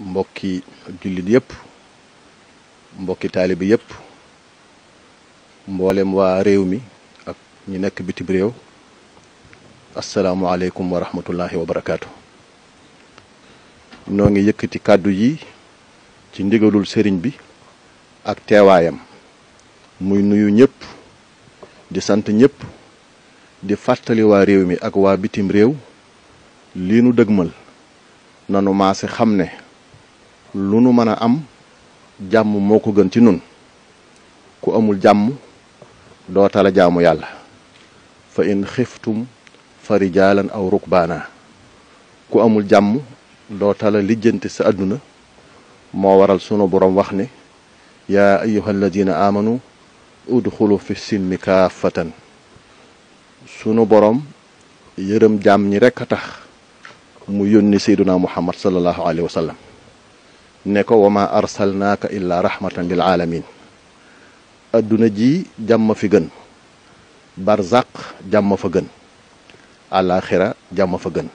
mbokki jullit yëpp mbokki taalibi yépp mboolem waa réew mi ak ñu nekk bitim réew asalaamualeykum wa rahmatullahi wa barakaatu. noo ngi yëkkati kàddu yi ci ndigalul sëriñ bi ak teewaayam muy nuyu ñëpp di sant ñëpp di fàttali waa réew mi ak waa bitim réew lii nu dëgmal nanu maase xam ne lu nu mën a am jàmm moo ko gën ci nun ku amul jàmm doo tala jaamu yàlla fa in xiftum fa rijaalan aw rukbaana ku amul jàmm doo tala lijjanti sa àdduna moo waral sunu borom wax ni yaa ayuha alladina amanu udxulu fi silmi sunu boroom yërëm jàmm ñi rekk a tax mu yónni seyduna muhammad sallallahu alayhi wa ne ko wama arsalnaaka illaa rahmatan lil aalamin adduna ji jàmm fi gën barzaq jàmm fa gën alaxira jàmm fa gën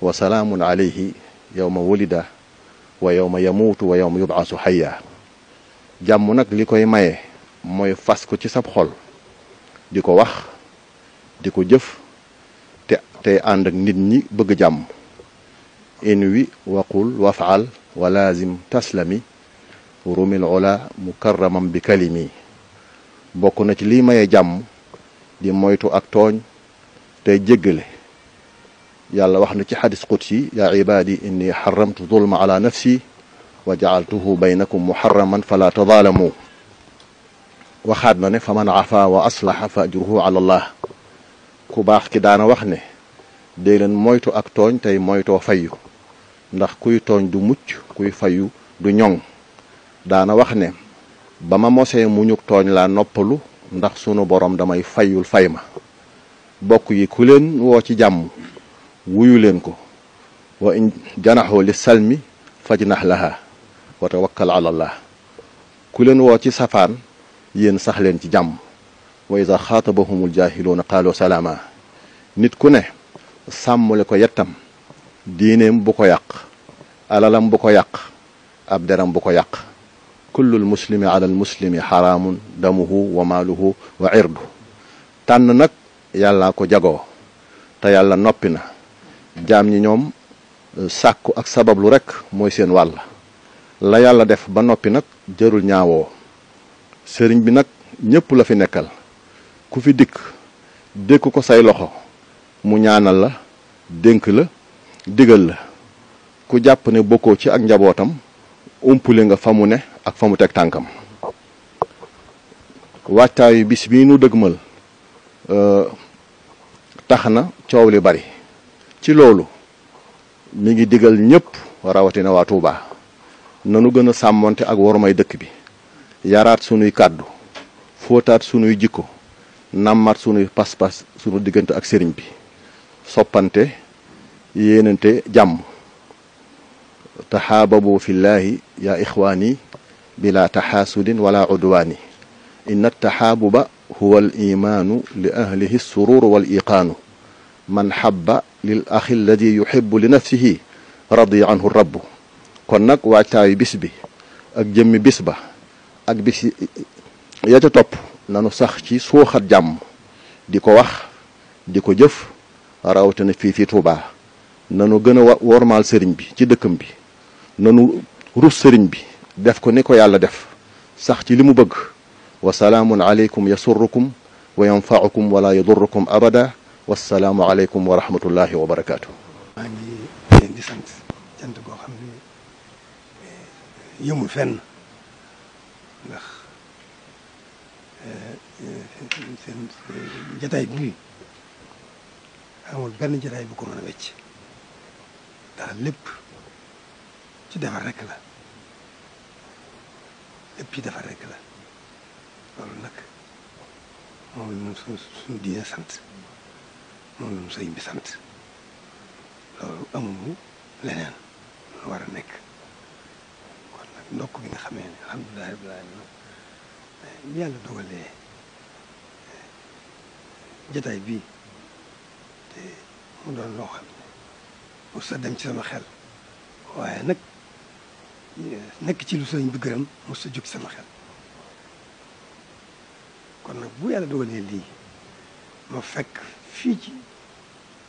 wa salaamun alayhi ma wulida wa yowma yamuutu wa yowma yubaasu xayya jàmm nag li koy maye mooy fas ko ci sab xol di ko wax di ko jëf te tey ànd ak nit ñi bëgg jàmm in wi waqul wafaal walaazim taslami rumil ola mukarramam bi kalimi bokk na ci liy maye jàmm di moytu ak tooñ tey jéggale yàlla wax na ci xadis qudsi yaa ibaadi inni xaramtu zulma ala nafsi wa jacaltuhu baynakum muharraman fala tadaalamu waxaat na ne fa man afa wa aslaha fa ajruhu ala ku baax ki daana wax ne dee moytu ak tooñ tey moytoo fayyu ndax kuy tooñ du mucc kuy fayu du ñoŋ daana wax ne ba ma mosee muñu tooñ laa noppalu ndax sunu borom damay fayul fay ma bokk yi ku leen woo ci jàmm wuyu leen ko wa in janaxoo li salmi fajnax laha wa tawakkal ala allah ku leen woo ci safaan yéen sax leen ci jàmm waaye sax wa ida xaatabahumul jaahiluuna qaalu salaama nit ku ne sàmmule ko yettam diineem bu ko yàq alalam bu ko yàq ab deram bu ko yàq kullul muslimi ala al muslimi xaraamun damuhu wa maaluhu wa irdu tànn nag yàllaa ko jagoo te yàlla noppi na jaam yi ñoom euh, sàkku ak sabablu rekk mooy seen wàll la yàlla def ba noppi nag jërul ñaawoo sëriñ bi nag ñépp la fi nekkal ku fi dikk dékk ko say loxo mu ñaanal la dénk la digal la ku jàpp ne bokkoo ci ak njabootam umpule nga fa mu ne ak fa mu teg tànkam waajtaayu bis bii nu dëgmal euh, tax na coow li bari ci loolu mi ngi digal ñëpp rawatina waa Touba nanu gën a sàmmonte ak wormay dëkk bi yaraat sunuy kàddu fóotaat sunuy jikko nàmmaat sunuy pas-pas sunu diggante ak sëriñ bi soppante yéenante jàmm taxaababu fillaahi yaa ixwaani bila taxaasudin wala udwaani inna taxaabuba huwa al imaanu ahlihi sururu wal man xabba lil axi alladi yuxibu li nafsihi radiya anhu rabbu kon nag waajtaayu bis bi ak jëmmi bis ba ak bis ya ca topp nanu sax ci suuxat jàmm di ko wax di ko jëf rawatina fii fii Tuubaa nanu gën a wormaal sëriñ bi ci dëkkam bi nanu rus sëriñ bi def ko ni ko yàlla def sax ci li mu bëgg wa salaamun aleykum yasurrukum wa yanfaukum wa rahmatullahi wa eh, fenn ndax eh, eh, seen jataay bii amul benn jataay bu ko mën a wecc. dara lépp ci defar rekk la lépp ci defar rekk la loolu nag moom la ñu suñu sant moom la ñu sëñ bi sant loolu amuñu leneen lu war a nekk kon nag ndokk bi nga xamee ne alhamdulilah rabbil alamin bi yàlla dogalee eh, jataay bii te mu doon loo xam sa dem ci sama xel waaye nag nekk ci lu sëriñ bi gërëm musta jóg ci sama xel kon nag bu yàlla dogalee lii ma fekk fii ci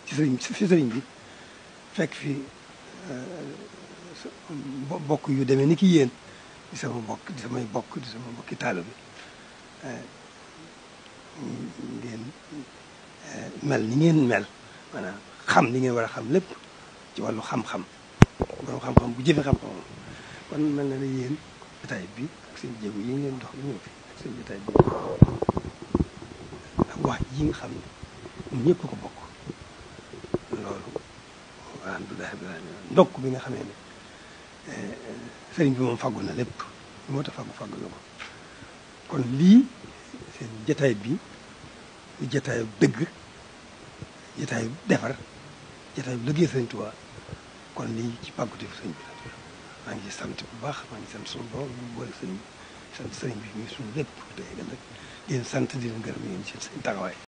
ci sëriñ bi fekk fii eh, bokk yu deme ni ki yéen di sama bokk di bokk di sama bokki taalo bi eh, eh, mel ni ngeen mel maanaam xam li ngeen war a xam lépp ci wàllu xam-xam bu jëfe xam-xamam kon mel na ne yéen jotaay bi ak seen jéego yi ngeen dox ñu ñëw fi ak seen jotaay bi xam ne ko bokk loolu alhamdulilah bi nga xamee ne eh, sëriñ bi moom faggu na lépp moo tax faggu faggu na ko kon lii seen jotaay bi jotaayu dëgg jotaayu defar jotaay bi liggéey sëñ Tuubaa kon lii ci pàgguteefu sëñ bi la maa ngi sant bu baax maa ngi sant suñu bu ñu boole sëñ sant sëñ bi muy suñu lépp tey ëllëg di leen sant di leen gërëm yéen ci seen